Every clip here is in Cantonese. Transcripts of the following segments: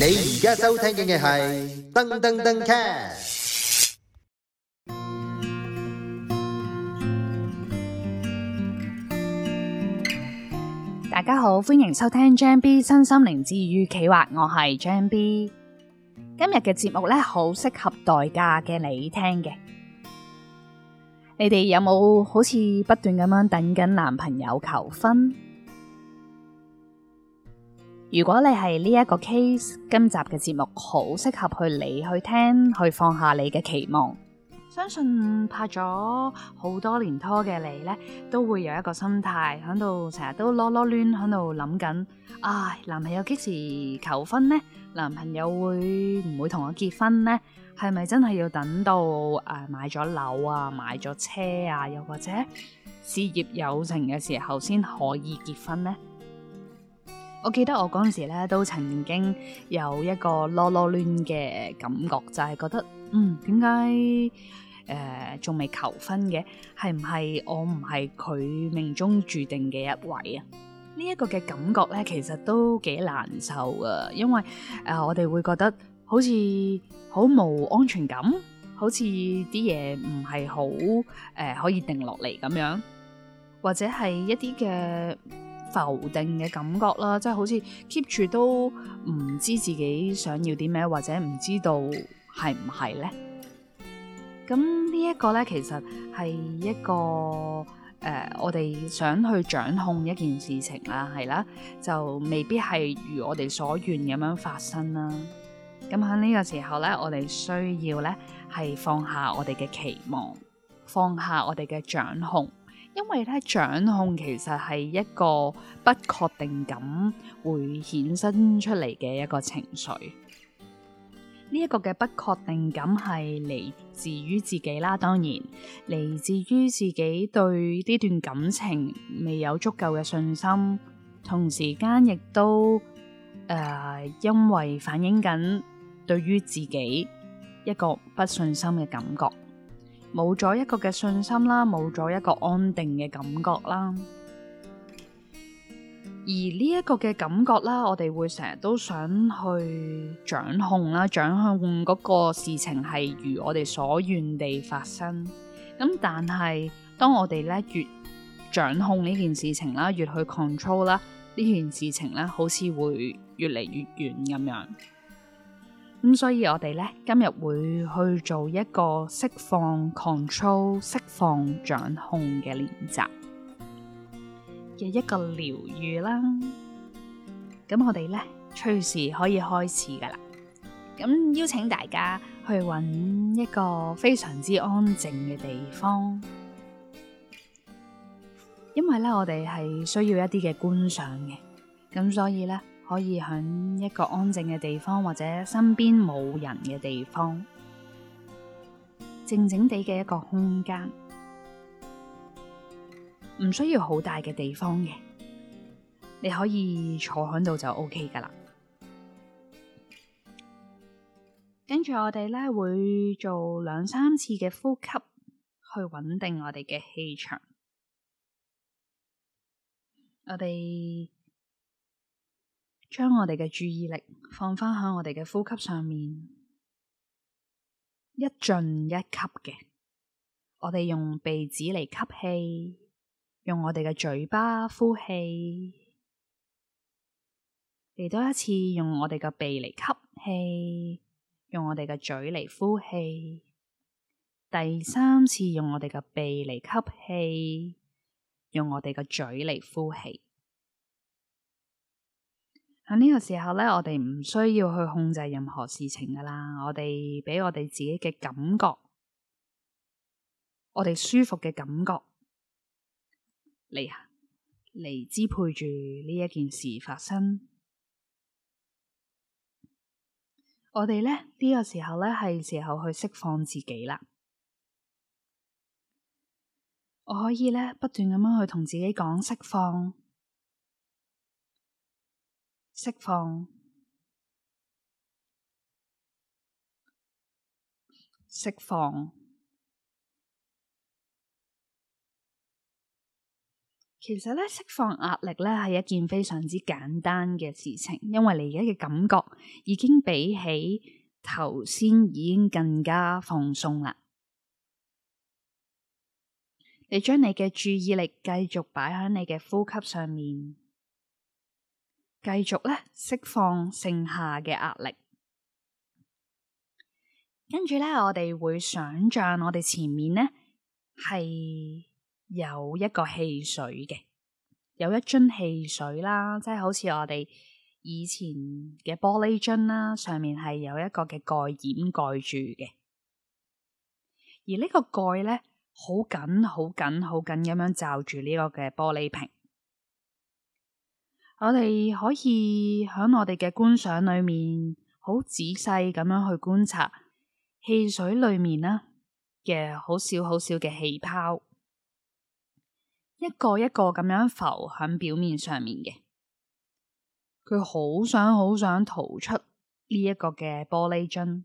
你而家收聽嘅係噔噔噔車。大家好，歡迎收聽張 B 新心靈治愈企劃，我係張 B。今日嘅節目咧，好適合待嫁嘅你聽嘅。你哋有冇好似不斷咁樣等緊男朋友求婚？如果你係呢一個 case，今集嘅節目好適合去你去聽，去放下你嘅期望。相信拍咗好多年拖嘅你呢，都會有一個心態喺度，成日都囉囉攣喺度諗緊，唉、啊，男朋友幾時求婚呢？男朋友會唔會同我結婚呢？係咪真係要等到誒、呃、買咗樓啊、買咗車啊，又或者事業有成嘅時候先可以結婚呢？」我記得我嗰陣時咧，都曾經有一個囉囉攣嘅感覺，就係、是、覺得，嗯，點解誒仲未求婚嘅？係唔係我唔係佢命中注定嘅一位啊？呢、這、一個嘅感覺咧，其實都幾難受噶，因為誒、呃、我哋會覺得好似好冇安全感，好似啲嘢唔係好誒可以定落嚟咁樣，或者係一啲嘅。否定嘅感覺啦，即係好似 keep 住都唔知自己想要啲咩，或者唔知道係唔係呢。咁呢一個呢，其實係一個誒、呃，我哋想去掌控一件事情啦，係啦，就未必係如我哋所願咁樣發生啦。咁喺呢個時候呢，我哋需要呢，係放下我哋嘅期望，放下我哋嘅掌控。因為咧，掌控其實係一個不確定感會衍生出嚟嘅一個情緒。呢一個嘅不確定感係嚟自於自己啦，當然嚟自於自己對呢段感情未有足夠嘅信心，同時間亦都誒，因為反映緊對於自己一個不信心嘅感覺。冇咗一個嘅信心啦，冇咗一個安定嘅感覺啦，而呢一個嘅感覺啦，我哋會成日都想去掌控啦，掌控嗰個事情係如我哋所願地發生。咁但係當我哋咧越掌控呢件事情啦，越去 control 啦，呢件事情咧，好似會越嚟越遠咁樣。咁所以我哋咧今日會去做一個釋放控制、釋放掌控嘅練習嘅一個療癒啦。咁我哋咧隨時可以開始噶啦。咁邀請大家去揾一個非常之安靜嘅地方，因為咧我哋係需要一啲嘅觀賞嘅，咁所以咧。可以喺一個安靜嘅地方，或者身邊冇人嘅地方，靜靜地嘅一個空間，唔需要好大嘅地方嘅，你可以坐喺度就 OK 㗎喇。跟住我哋咧，會做兩三次嘅呼吸，去穩定我哋嘅氣場。我哋。將我哋嘅注意力放返喺我哋嘅呼吸上面，一進一吸嘅，我哋用鼻子嚟吸氣，用我哋嘅嘴巴呼氣，嚟多一次用我哋嘅鼻嚟吸氣，用我哋嘅嘴嚟呼氣，第三次用我哋嘅鼻嚟吸氣，用我哋嘅嘴嚟呼氣。喺呢個時候咧，我哋唔需要去控制任何事情噶啦，我哋俾我哋自己嘅感覺，我哋舒服嘅感覺嚟啊嚟支配住呢一件事發生。我哋咧呢個時候咧係時候去釋放自己啦。我可以咧不斷咁樣去同自己講，釋放。釋放，釋放。其實咧，釋放壓力咧係一件非常之簡單嘅事情，因為你而家嘅感覺已經比起頭先已經更加放鬆啦。你將你嘅注意力繼續擺喺你嘅呼吸上面。繼續咧釋放剩下嘅壓力，跟住咧我哋會想象我哋前面呢係有一個汽水嘅，有一樽汽水啦，即係好似我哋以前嘅玻璃樽啦，上面係有一個嘅蓋掩蓋住嘅，而呢個蓋呢，好緊、好緊、好緊咁樣罩住呢個嘅玻璃瓶。我哋可以喺我哋嘅觀賞裏面，好仔細咁樣去觀察汽水裏面呢嘅好少好少嘅氣泡，一個一個咁樣浮喺表面上面嘅，佢好想好想逃出呢一個嘅玻璃樽。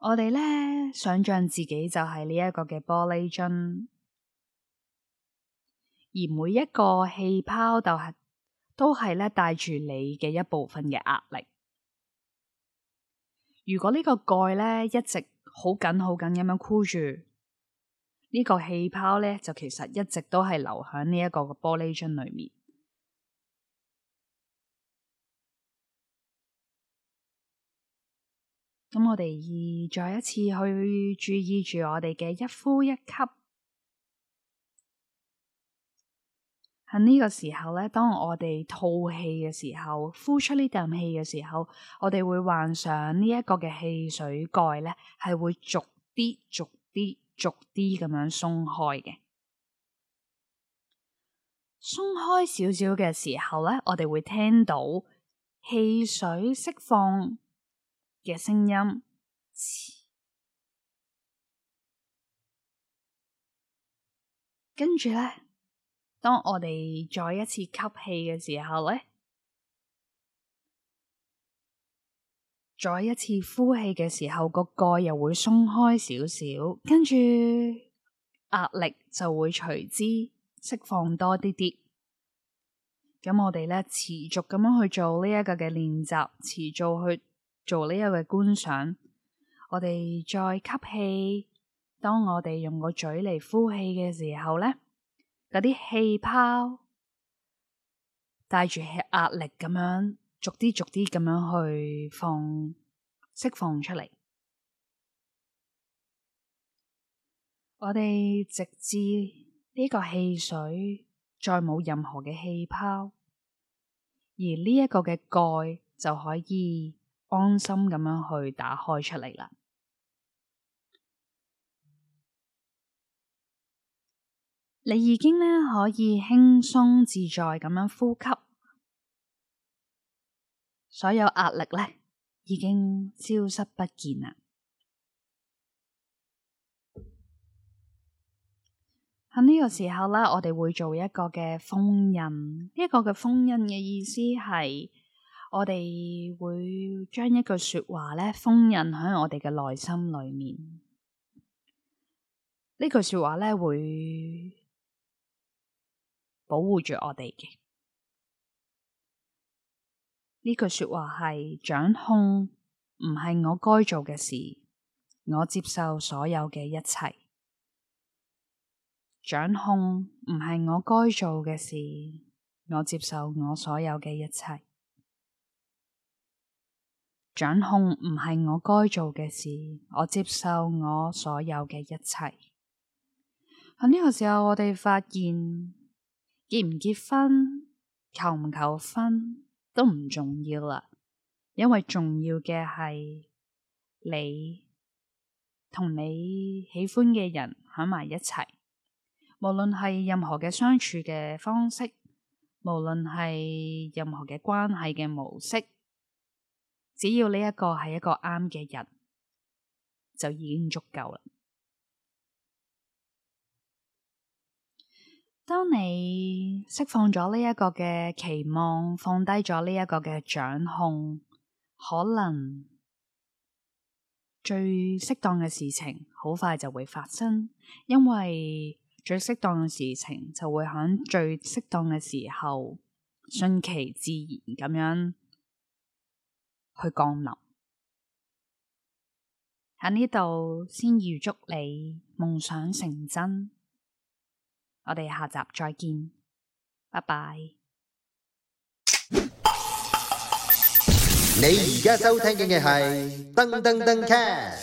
我哋呢想象自己就係呢一個嘅玻璃樽。而每一個氣泡就係都係咧，帶住你嘅一部分嘅壓力。如果個蓋，呢個蓋咧一直好緊好緊咁樣箍住呢個氣泡咧，就其實一直都係留喺呢一個個玻璃樽裏面。咁我哋再一次去注意住我哋嘅一呼一吸。喺呢個時候咧，當我哋吐氣嘅時候，呼出呢啖氣嘅時候，我哋會幻想呢一個嘅汽水蓋咧，係會逐啲、逐啲、逐啲咁樣鬆開嘅。鬆開少少嘅時候咧，我哋會聽到汽水釋放嘅聲音，跟住咧。當我哋再一次吸氣嘅時候呢，再一次呼氣嘅時候，個蓋又會鬆開少少，跟住壓力就會隨之釋放多啲啲。咁我哋呢持續咁樣去做呢一個嘅練習，持續去做呢一個嘅觀賞。我哋再吸氣，當我哋用個嘴嚟呼氣嘅時候呢。嗰啲氣泡帶住壓力咁樣逐啲逐啲咁樣去放釋放出嚟，我哋直至呢個汽水再冇任何嘅氣泡，而呢一個嘅蓋就可以安心咁樣去打開出嚟啦。你已經呢可以輕鬆自在咁樣呼吸，所有壓力呢已經消失不見啦。喺呢個時候呢，我哋會做一個嘅封印。呢個嘅封印嘅意思係，我哋會將一句說話呢封印喺我哋嘅內心裏面。呢句說話呢會。保護住我哋嘅呢句說話係：「掌控唔係我該做嘅事。我接受所有嘅一切。掌控唔係我該做嘅事，我接受我所有嘅一切。掌控唔係我該做嘅事，我接受我所有嘅一切。」喺呢個時候，我哋發現。結唔結婚，求唔求婚，都唔重要啦，因為重要嘅係你同你喜歡嘅人喺埋一齊，無論係任何嘅相處嘅方式，無論係任何嘅關係嘅模式，只要呢一個係一個啱嘅人，就已經足夠啦。當你釋放咗呢一個嘅期望，放低咗呢一個嘅掌控，可能最適當嘅事情好快就會發生，因為最適當嘅事情就會喺最適當嘅時候，順其自然咁樣去降臨。喺呢度先預祝你夢想成真。我哋下集再見，拜拜。你而家收聽嘅係《噔噔噔 cash》。